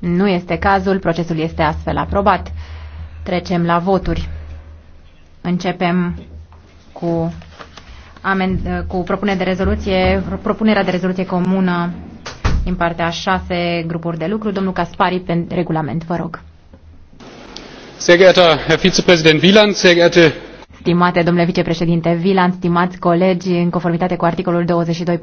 Nu este cazul, procesul este astfel aprobat. Trecem la voturi. Începem cu, amend- cu propunerea de rezoluție, propunerea de rezoluție comună din partea a șase grupuri de lucru. Domnul Caspari, pe regulament, vă rog. Sehr geehrter Herr Vizepräsident Wieland, sehr geehrte Stimate domnule vicepreședinte Vilan, stimați colegi, în conformitate cu articolul 22.4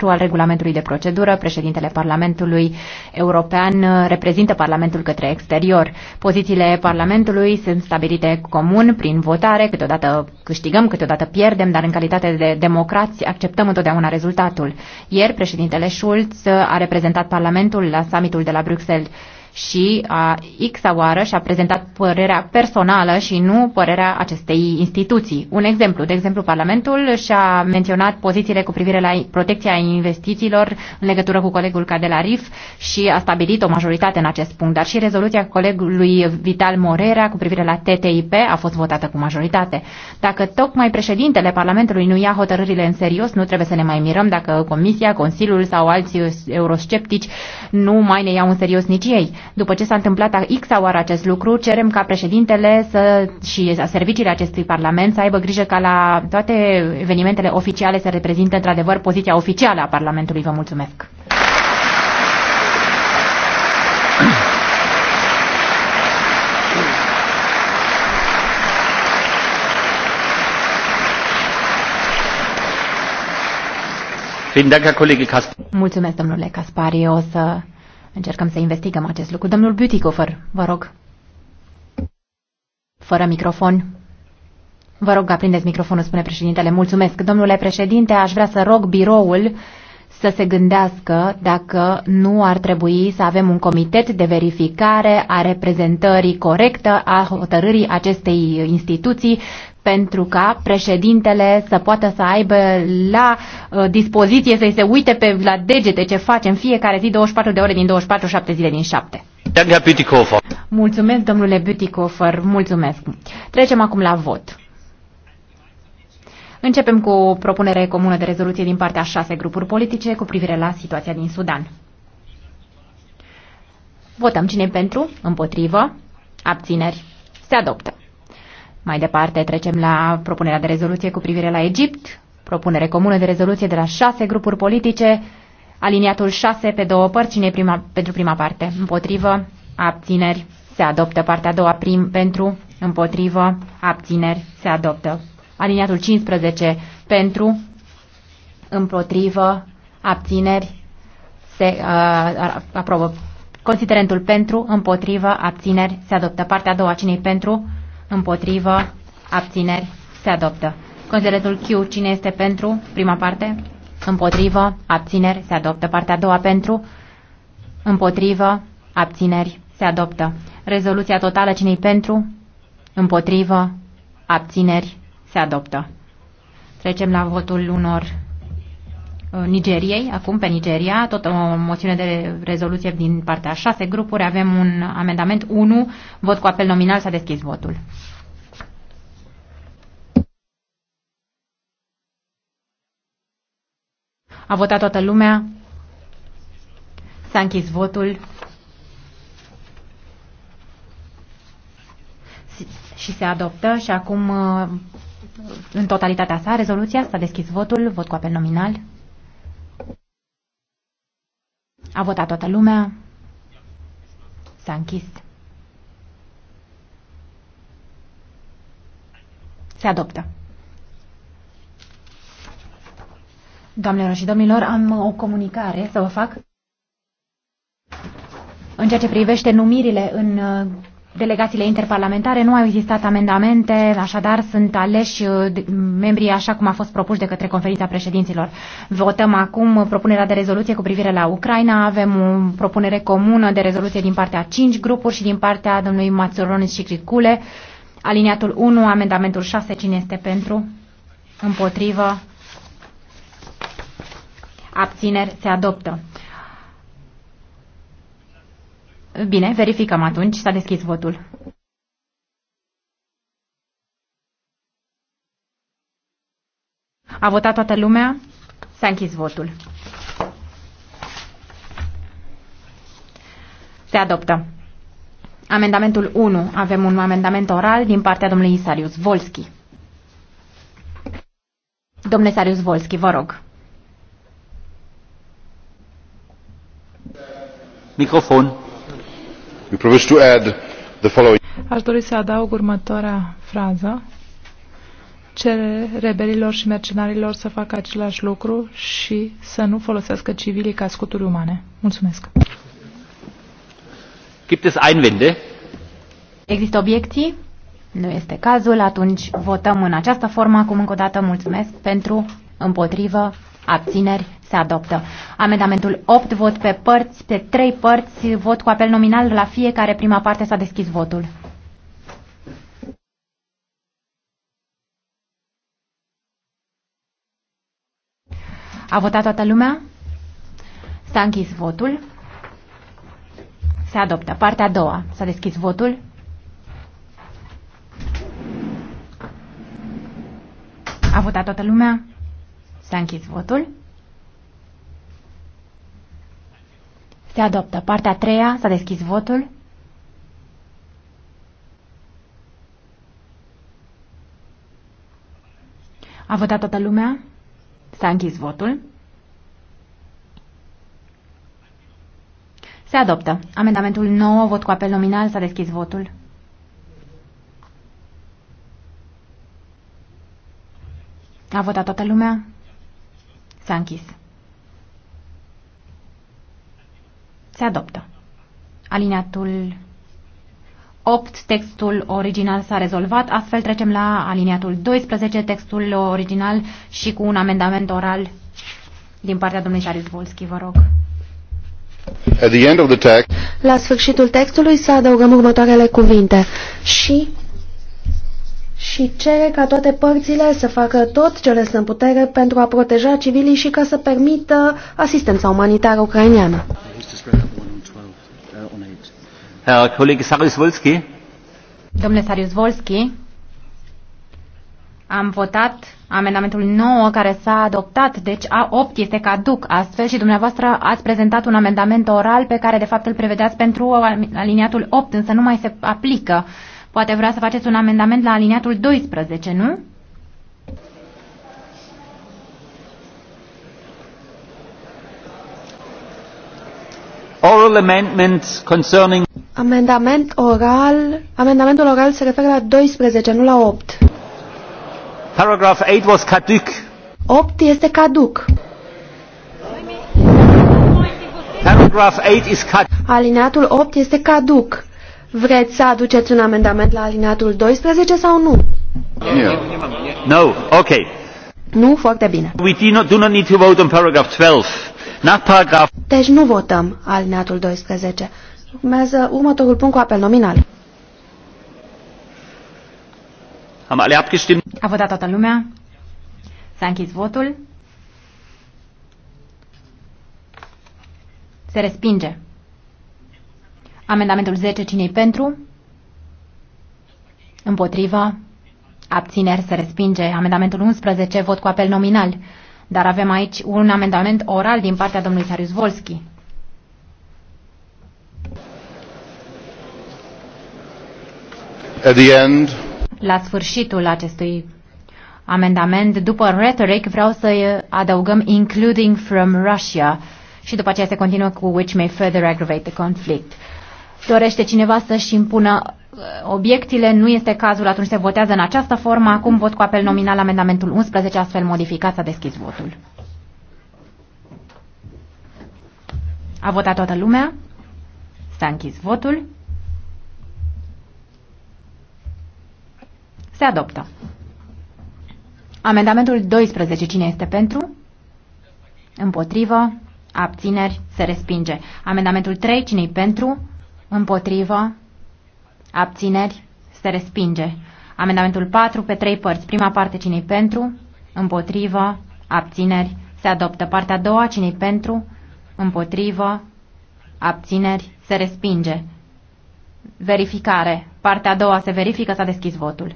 al regulamentului de procedură, președintele Parlamentului European reprezintă Parlamentul către exterior. Pozițiile Parlamentului sunt stabilite comun prin votare, câteodată câștigăm, câteodată pierdem, dar în calitate de democrați acceptăm întotdeauna rezultatul. Ieri președintele Schulz a reprezentat Parlamentul la summitul de la Bruxelles și a X-a oară și-a prezentat părerea personală și nu părerea acestei instituții. Un exemplu, de exemplu, Parlamentul și-a menționat pozițiile cu privire la protecția investițiilor în legătură cu colegul Cadelarif și a stabilit o majoritate în acest punct, dar și rezoluția colegului Vital Morera cu privire la TTIP a fost votată cu majoritate. Dacă tocmai președintele Parlamentului nu ia hotărârile în serios, nu trebuie să ne mai mirăm dacă Comisia, Consiliul sau alți eurosceptici nu mai ne iau în serios nici ei. După ce s-a întâmplat X oară acest lucru, cerem vrem ca președintele să, și serviciile acestui Parlament să aibă grijă ca la toate evenimentele oficiale să reprezinte într-adevăr poziția oficială a Parlamentului. Vă mulțumesc! Mulțumesc, domnule Caspari. O să încercăm să investigăm acest lucru. Domnul Butikofer, vă rog fără microfon. Vă rog, aprindeți microfonul, spune președintele. Mulțumesc. Domnule președinte, aș vrea să rog biroul să se gândească dacă nu ar trebui să avem un comitet de verificare a reprezentării corectă a hotărârii acestei instituții pentru ca președintele să poată să aibă la uh, dispoziție să-i se uite pe, la degete ce facem fiecare zi 24 de ore din 24, 7 zile din 7. Mulțumesc, domnule Bütikofer, mulțumesc. Trecem acum la vot. Începem cu o propunere comună de rezoluție din partea șase grupuri politice cu privire la situația din Sudan. Votăm cine pentru, împotrivă, abțineri, se adoptă. Mai departe trecem la propunerea de rezoluție cu privire la Egipt, propunere comună de rezoluție de la șase grupuri politice Aliniatul 6 pe două părți, cine prima, pentru prima parte? Împotrivă, abțineri, se adoptă. Partea a doua prim, pentru, împotrivă, abțineri, se adoptă. Aliniatul 15 pentru, împotrivă, abțineri, se uh, aprobă. Considerentul pentru, împotrivă, abțineri, se adoptă. Partea a doua, cine pentru, împotrivă, abțineri, se adoptă. Considerentul Q, cine este pentru, prima parte, Împotrivă, abțineri, se adoptă. Partea a doua pentru, împotrivă, abțineri, se adoptă. Rezoluția totală cinei pentru, împotrivă, abțineri, se adoptă. Trecem la votul unor uh, Nigeriei, acum pe Nigeria, tot o moțiune de rezoluție din partea șase grupuri. Avem un amendament 1, vot cu apel nominal, s-a deschis votul. A votat toată lumea. S-a închis votul. Și se adoptă și acum uh, în totalitatea sa rezoluția s-a deschis votul, vot cu apel nominal. A votat toată lumea. S-a închis. Se adoptă. Doamnelor și domnilor, am o comunicare să vă fac în ceea ce privește numirile în uh, delegațiile interparlamentare. Nu au existat amendamente, așadar sunt aleși uh, membrii așa cum a fost propuși de către conferința președinților. Votăm acum propunerea de rezoluție cu privire la Ucraina. Avem o propunere comună de rezoluție din partea 5 grupuri și din partea domnului Mațuronis și Cricule. Aliniatul 1, amendamentul 6, cine este pentru? Împotrivă? abțineri, se adoptă. Bine, verificăm atunci. S-a deschis votul. A votat toată lumea? S-a închis votul. Se adoptă. Amendamentul 1. Avem un amendament oral din partea domnului Isarius Volski. Domnule Isarius Volski, vă rog. Microfon. Aș dori să adaug următoarea frază. Cere rebelilor și mercenarilor să facă același lucru și să nu folosească civilii ca scuturi umane. Mulțumesc. Gibt es Einwände? Există obiecții? Nu este cazul, atunci votăm în această formă. Acum încă o dată mulțumesc pentru, împotrivă, abțineri se adoptă. Amendamentul 8, vot pe părți, pe trei părți, vot cu apel nominal la fiecare prima parte s-a deschis votul. A votat toată lumea? S-a închis votul. Se adoptă. Partea a doua. S-a deschis votul. A votat toată lumea? S-a închis votul. Se adoptă. Partea a treia. S-a deschis votul. A votat toată lumea? S-a închis votul. Se adoptă. Amendamentul 9, vot cu apel nominal, s-a deschis votul. A votat toată lumea? S-a închis. Se adoptă. Alineatul 8, textul original s-a rezolvat, astfel trecem la alineatul 12, textul original și cu un amendament oral din partea domnului Șarius Volski, vă rog. At the end of the text, la sfârșitul textului să adăugăm următoarele cuvinte și și cere ca toate părțile să facă tot ce le stă în putere pentru a proteja civilii și ca să permită asistența umanitară ucraineană. Herr Kollege Sarjus-Wolski. Domnule sarius wolski am votat amendamentul 9 care s-a adoptat, deci A8 este caduc astfel și dumneavoastră ați prezentat un amendament oral pe care de fapt îl prevedeați pentru aliniatul 8, însă nu mai se aplică. Poate vrea să faceți un amendament la aliniatul 12, nu? Oral amendment concerning... Amendament oral, amendamentul oral se referă la 12, nu la 8. Paragraph 8 was caduc. 8 este caduc. Paragraph 8 is caduc. Alineatul 8 este caduc. Vreți să aduceți un amendament la alineatul 12 sau nu? Yeah. No, okay. Nu, foarte bine. We do not, do not need to vote on paragraph 12. Deci nu votăm alineatul 12. Urmează următorul punct cu apel nominal. Am alea abgestimt. A votat toată lumea. S-a închis votul. Se respinge. Amendamentul 10, cine pentru? Împotriva. Abțineri se respinge. Amendamentul 11, vot cu apel nominal. Dar avem aici un amendament oral din partea domnului Sarius Volski. la sfârșitul acestui amendament, după rhetoric, vreau să adăugăm including from Russia și după aceea se continuă cu which may further aggravate the conflict. Dorește cineva să-și impună Ă, obiecțiile, nu este cazul, atunci se votează în această formă. Acum vot cu apel nominal amendamentul 11, astfel modificat, s-a deschis votul. A votat toată lumea? S-a închis votul. Se adoptă. Amendamentul 12. Cine este pentru? Împotrivă. Abțineri. Se respinge. Amendamentul 3. cine pentru? Împotrivă. Abțineri? Se respinge. Amendamentul 4 pe trei părți. Prima parte cine pentru? Împotrivă? Abțineri? Se adoptă. Partea a doua cine pentru? Împotrivă? Abțineri? Se respinge. Verificare. Partea a doua se verifică, s-a deschis votul.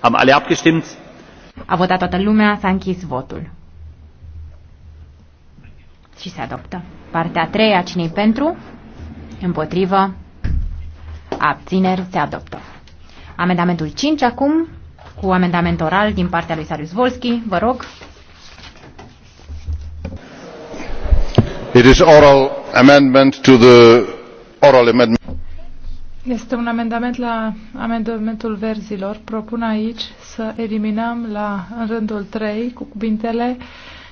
Am alea abgestimt? A votat toată lumea, s-a închis votul și se adoptă. Partea a treia, cine pentru? Împotrivă. Abțineri se adoptă. Amendamentul 5 acum, cu amendament oral din partea lui Sarius Volski. Vă rog. It is oral amendment to the oral amendment. Este un amendament la amendamentul verzilor. Propun aici să eliminăm la în rândul 3 cu cuvintele uh,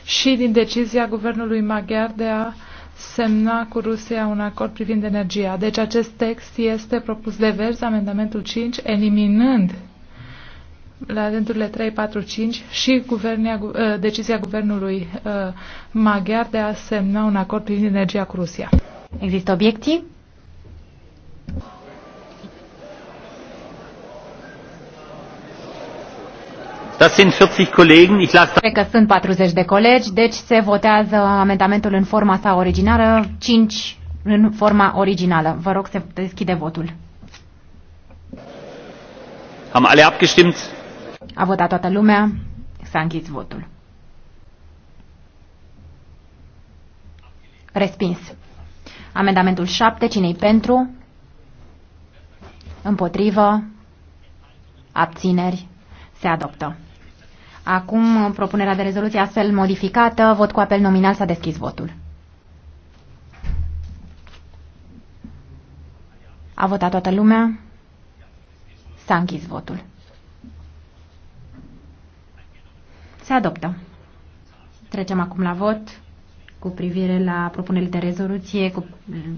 și din decizia guvernului maghiar de a semna cu Rusia un acord privind energia. Deci acest text este propus de vers, amendamentul 5, eliminând la rândurile 3, 4, 5 și guvernia, ă, decizia guvernului ă, maghiar de a semna un acord privind energia cu Rusia. Există obiectii? Cred că sunt 40 de colegi, deci se votează amendamentul în forma sa originală, 5 în forma originală. Vă rog să deschide votul. Am alle abgestimmt? A votat toată lumea. S-a închis votul. Respins. Amendamentul 7. Cine-i pentru? Împotrivă? Abțineri? Se adoptă. Acum uh, propunerea de rezoluție astfel modificată. Vot cu apel nominal s-a deschis votul. A votat toată lumea. S-a închis votul. Se adoptă. Trecem acum la vot cu privire la propunerile de rezoluție, cu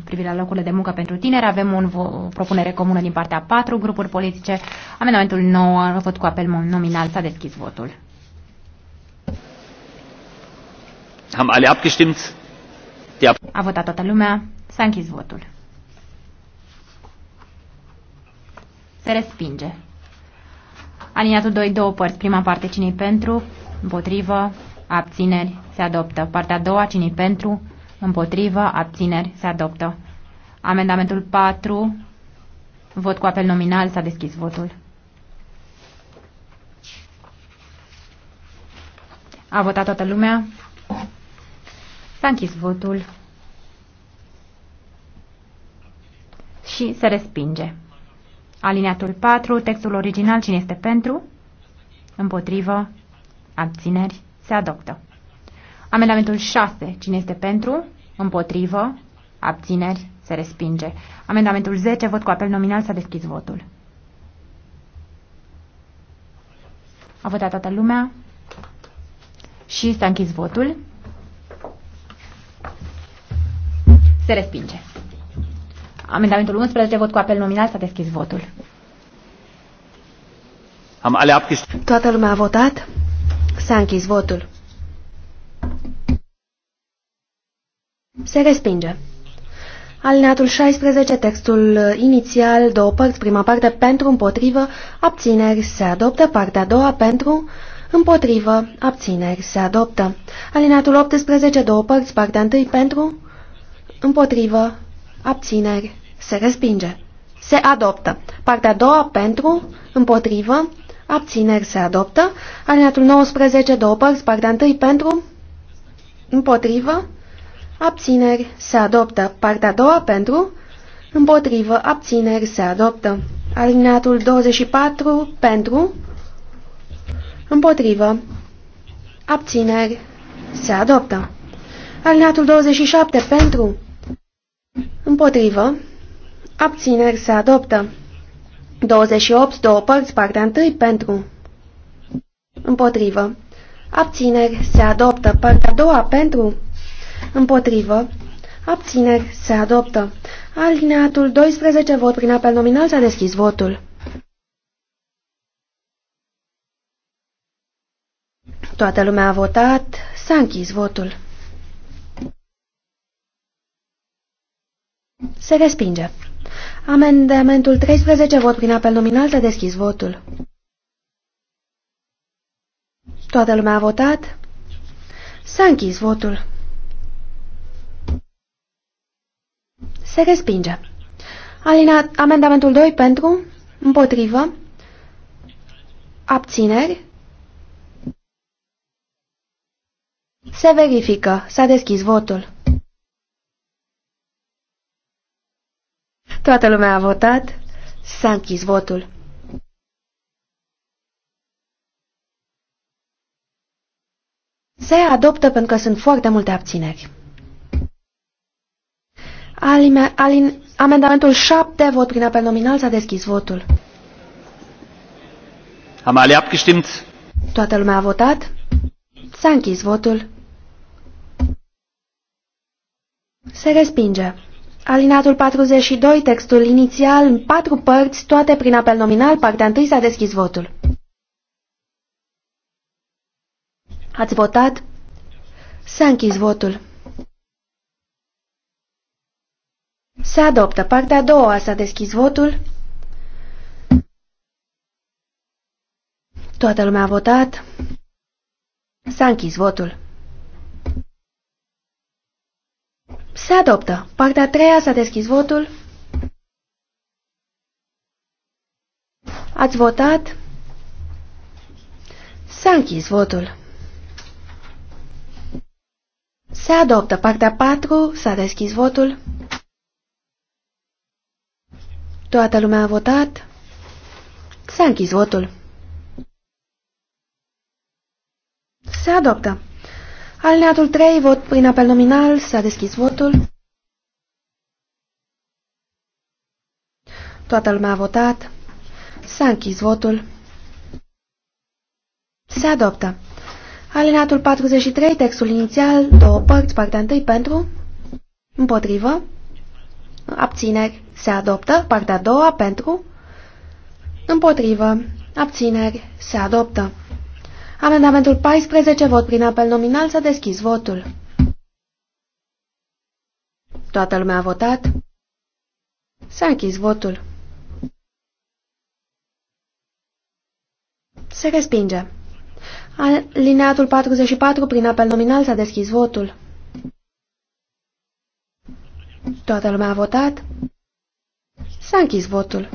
privire la locurile de muncă pentru tineri. Avem un o propunere comună din partea patru grupuri politice. Amendamentul 9, vot cu apel nominal, s-a deschis votul. Haben alle abgestimmt? ab A votat toată lumea. S-a închis votul. Se respinge. Aliniatul 2, două părți. Prima parte, cine pentru? Împotrivă. Abțineri. Se adoptă. Partea a doua, cine pentru? Împotrivă. Abțineri. Se adoptă. Amendamentul 4. Vot cu apel nominal. S-a deschis votul. A votat toată lumea. S-a închis votul și se respinge. Alineatul 4, textul original, cine este pentru? Împotrivă, abțineri, se adoptă. Amendamentul 6, cine este pentru? Împotrivă, abțineri, se respinge. Amendamentul 10, vot cu apel nominal, s-a deschis votul. A votat toată lumea și s-a închis votul. Se respinge. Amendamentul 11, vot cu apel nominal, s-a deschis votul. Am alea Toată lumea a votat? S-a închis votul. Se respinge. Alineatul 16, textul inițial, două părți, prima parte pentru, împotrivă, abțineri, se adoptă, partea a doua pentru, împotrivă, abțineri, se adoptă. Alineatul 18, două părți, partea întâi pentru, împotrivă, abțineri, se respinge. Se adoptă. Partea a doua, pentru, împotrivă, abțineri, se adoptă. Alineatul 19, două părți, partea întâi, pentru, împotrivă, abțineri, se adoptă. Partea a doua, pentru, împotrivă, abțineri, se adoptă. Alineatul 24, pentru, împotrivă, abțineri, se adoptă. Alineatul 27, pentru, Împotrivă. Abțineri se adoptă. 28, două părți, partea 1, pentru. Împotrivă. Abțineri se adoptă. Partea a doua, pentru. Împotrivă. Abțineri se adoptă. Alineatul 12, vot prin apel nominal, s-a deschis votul. Toată lumea a votat, s-a închis votul. Se respinge. Amendamentul 13, vot prin apel nominal, s-a deschis votul. Toată lumea a votat. S-a închis votul. Se respinge. Alina, amendamentul 2 pentru, împotrivă, abțineri. Se verifică. S-a deschis votul. Toată lumea a votat. S-a închis votul. Se adoptă pentru că sunt foarte multe abțineri. Alime, alin, amendamentul 7, vot prin apel nominal, s-a deschis votul. Am alea abgestimmt? Toată lumea a votat. S-a închis votul. Se respinge. Alinatul 42, textul inițial, în patru părți, toate prin apel nominal, partea întâi s-a deschis votul. Ați votat? S-a închis votul. Se adoptă. Partea a doua s-a deschis votul. Toată lumea a votat. S-a închis votul. Se adoptă. Partea a treia s-a deschis votul. Ați votat. S-a închis votul. Se adoptă. Partea 4 s-a deschis votul. Toată lumea a votat. S-a închis votul. Se adoptă. Alineatul 3, vot prin apel nominal, s-a deschis votul. Toată lumea a votat. S-a închis votul. Se adoptă. Alineatul 43, textul inițial, două părți, partea 1 pentru, împotrivă, abțineri, se adoptă, partea a doua pentru, împotrivă, abțineri, se adoptă. Amendamentul 14, vot prin apel nominal, s-a deschis votul. Toată lumea a votat. S-a închis votul. Se respinge. Alineatul 44, prin apel nominal, s-a deschis votul. Toată lumea a votat. S-a închis votul.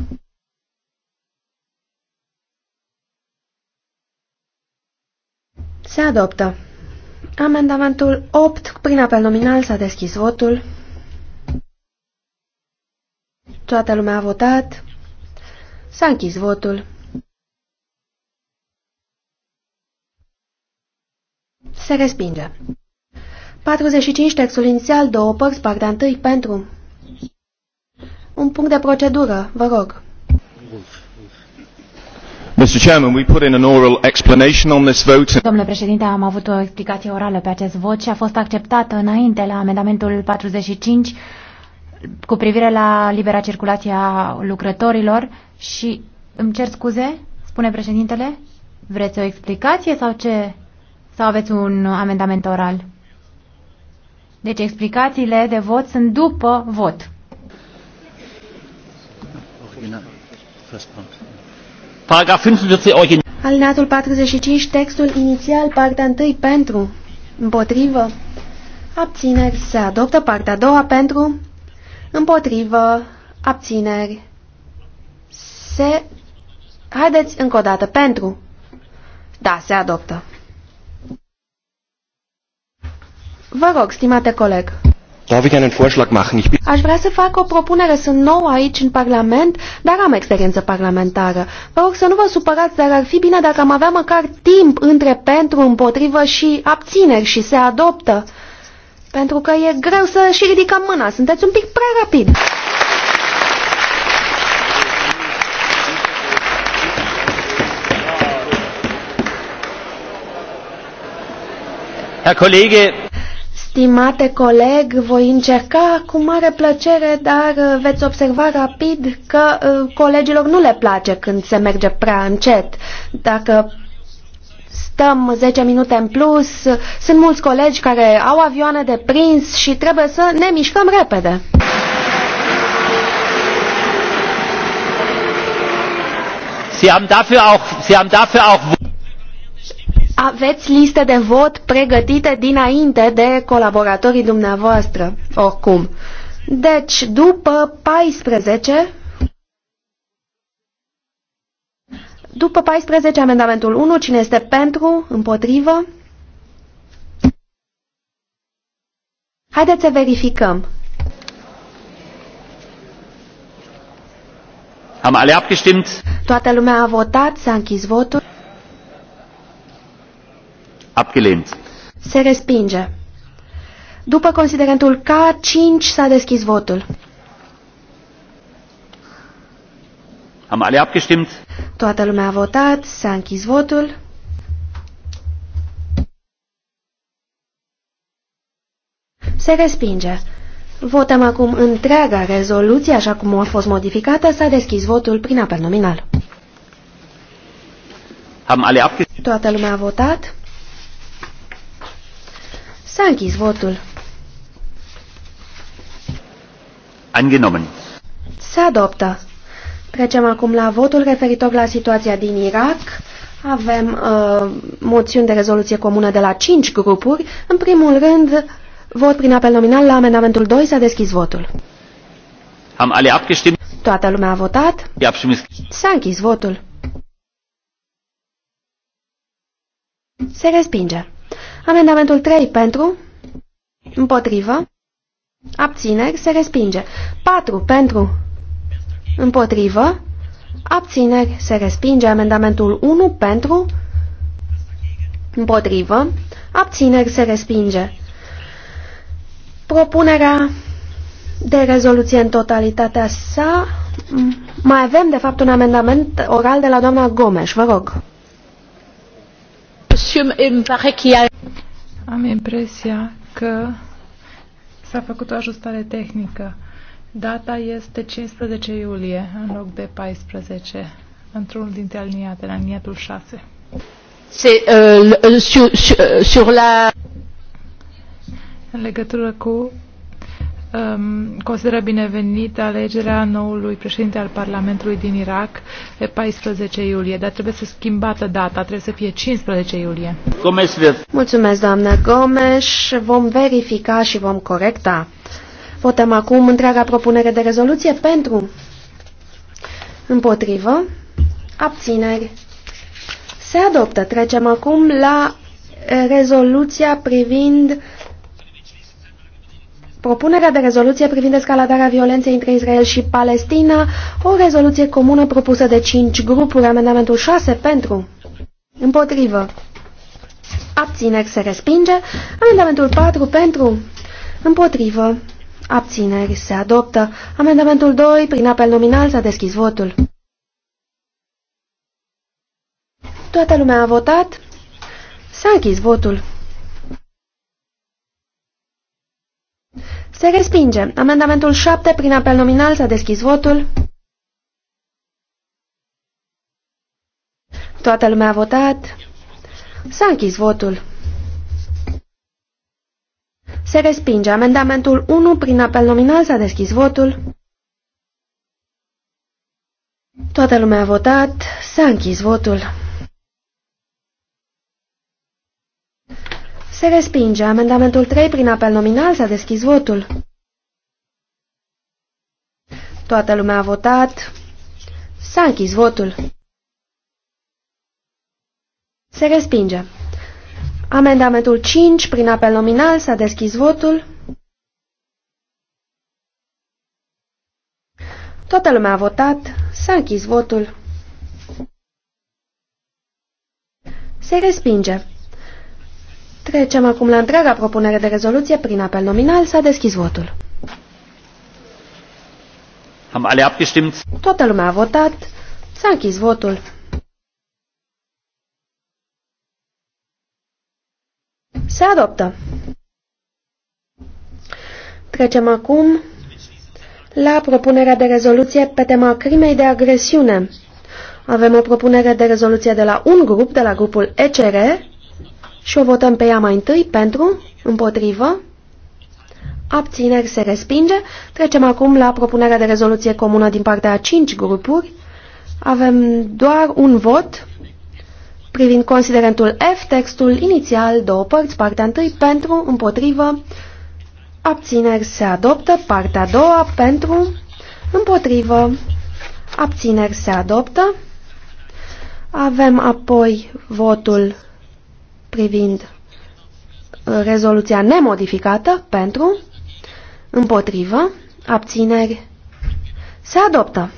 Se adoptă. Amendamentul 8, prin apel nominal, s-a deschis votul. Toată lumea a votat. S-a închis votul. Se respinge. 45 textul inițial, două părți, partea întâi, pentru. Un punct de procedură, vă rog. Mr. Chairman, we put in an oral explanation on this vote. Domnule președinte, am avut o explicație orală pe acest vot și a fost acceptată înainte la amendamentul 45 cu privire la libera circulație a lucrătorilor și îmi cer scuze, spune președintele, vreți o explicație sau ce? Sau aveți un amendament oral? Deci explicațiile de vot sunt după vot. First point. Paragraf 45 original. Alineatul 45, textul inițial, partea 1 pentru, împotrivă, abțineri, se adoptă partea a doua pentru, împotrivă, abțineri, se... Haideți încă o dată, pentru. Da, se adoptă. Vă rog, stimate coleg. Aș vrea să fac o propunere. Sunt nou aici în Parlament, dar am experiență parlamentară. Vă rog să nu vă supărați, dar ar fi bine dacă am avea măcar timp între pentru, împotrivă și abțineri și se adoptă. Pentru că e greu să și ridicăm mâna. Sunteți un pic prea rapid. Herr Kollege, Stimate coleg, voi încerca cu mare plăcere, dar uh, veți observa rapid că uh, colegilor nu le place când se merge prea încet. Dacă stăm 10 minute în plus, sunt mulți colegi care au avioane de prins și trebuie să ne mișcăm repede. Sie haben dafür auch, Sie haben dafür auch aveți liste de vot pregătite dinainte de colaboratorii dumneavoastră, oricum. Deci, după 14, după 14, amendamentul 1, cine este pentru, împotrivă? Haideți să verificăm. Am Toată lumea a votat, s-a închis votul. Abgelehnt. Se respinge. După considerentul K5 s-a deschis votul. Am alle abgestimmt? Toată lumea a votat, s-a închis votul. Se respinge. Votăm acum întreaga rezoluție, așa cum a fost modificată, s-a deschis votul prin apel nominal. Am alle Toată lumea a votat. S-a închis votul. Angenomen. Se adoptă. Trecem acum la votul referitor la situația din Irak. Avem uh, moțiuni de rezoluție comună de la cinci grupuri. În primul rând, vot prin apel nominal la amendamentul 2. S-a deschis votul. Am alle abgestimmt. Toată lumea a votat. S-a închis votul. Se respinge. Amendamentul 3 pentru, împotrivă, abțineri, se respinge. 4 pentru, împotrivă, abțineri, se respinge. Amendamentul 1 pentru, împotrivă, abțineri, se respinge. Propunerea de rezoluție în totalitatea sa. Mai avem, de fapt, un amendament oral de la doamna Gomes. Vă rog. Am impresia că s-a făcut o ajustare tehnică. Data este 15 iulie în loc de 14, într-unul dintre aliniate, la aliniatul 6. C'est euh, uh, sur, sur, uh, sur la... În legătură cu Ehm, consideră binevenită alegerea noului președinte al Parlamentului din Irak pe 14 iulie, dar trebuie să schimbată data, trebuie să fie 15 iulie. Mulțumesc, doamnă Gomes. Vom verifica și vom corecta. Votăm acum întreaga propunere de rezoluție pentru, împotrivă, abțineri. Se adoptă. Trecem acum la rezoluția privind Propunerea de rezoluție privind escaladarea violenței între Israel și Palestina, o rezoluție comună propusă de cinci grupuri, amendamentul 6 pentru, împotrivă, abțineri se respinge, amendamentul 4 pentru, împotrivă, abțineri se adoptă, amendamentul 2 prin apel nominal s-a deschis votul. Toată lumea a votat, s-a închis votul. Se respinge. Amendamentul 7 prin apel nominal s-a deschis votul. Toată lumea a votat. S-a închis votul. Se respinge. Amendamentul 1 prin apel nominal s-a deschis votul. Toată lumea a votat. S-a închis votul. Se respinge. Amendamentul 3 prin apel nominal s-a deschis votul. Toată lumea a votat. S-a închis votul. Se respinge. Amendamentul 5 prin apel nominal s-a deschis votul. Toată lumea a votat. S-a închis votul. Se respinge. Trecem acum la întreaga propunere de rezoluție prin apel nominal. S-a deschis votul. Am alle abgestimmt. Toată lumea a votat. S-a închis votul. Se adoptă. Trecem acum la propunerea de rezoluție pe tema crimei de agresiune. Avem o propunere de rezoluție de la un grup, de la grupul ECR, și o votăm pe ea mai întâi pentru, împotrivă, abțineri se respinge. Trecem acum la propunerea de rezoluție comună din partea a cinci grupuri. Avem doar un vot privind considerentul F, textul inițial, două părți, partea întâi pentru, împotrivă, abțineri se adoptă, partea a doua pentru, împotrivă, abțineri se adoptă. Avem apoi votul privind uh, rezoluția nemodificată pentru, împotrivă, abțineri, se adoptă.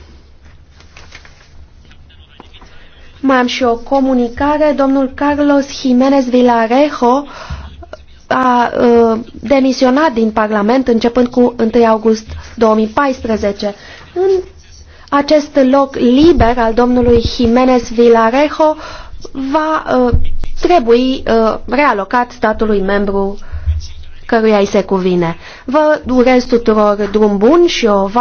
Mai am și o comunicare. Domnul Carlos Jiménez Villarejo a a uh, demisionat din Parlament începând cu 1 august 2014. În acest loc liber al domnului Jiménez Villarejo va a, uh, trebui uh, realocat statului membru căruia îi se cuvine. Vă urez tuturor drum bun și o